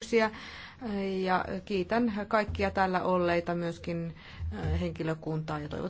kysymyksiä ja kiitän kaikkia täällä olleita myöskin äh, henkilökuntaa ja toivotan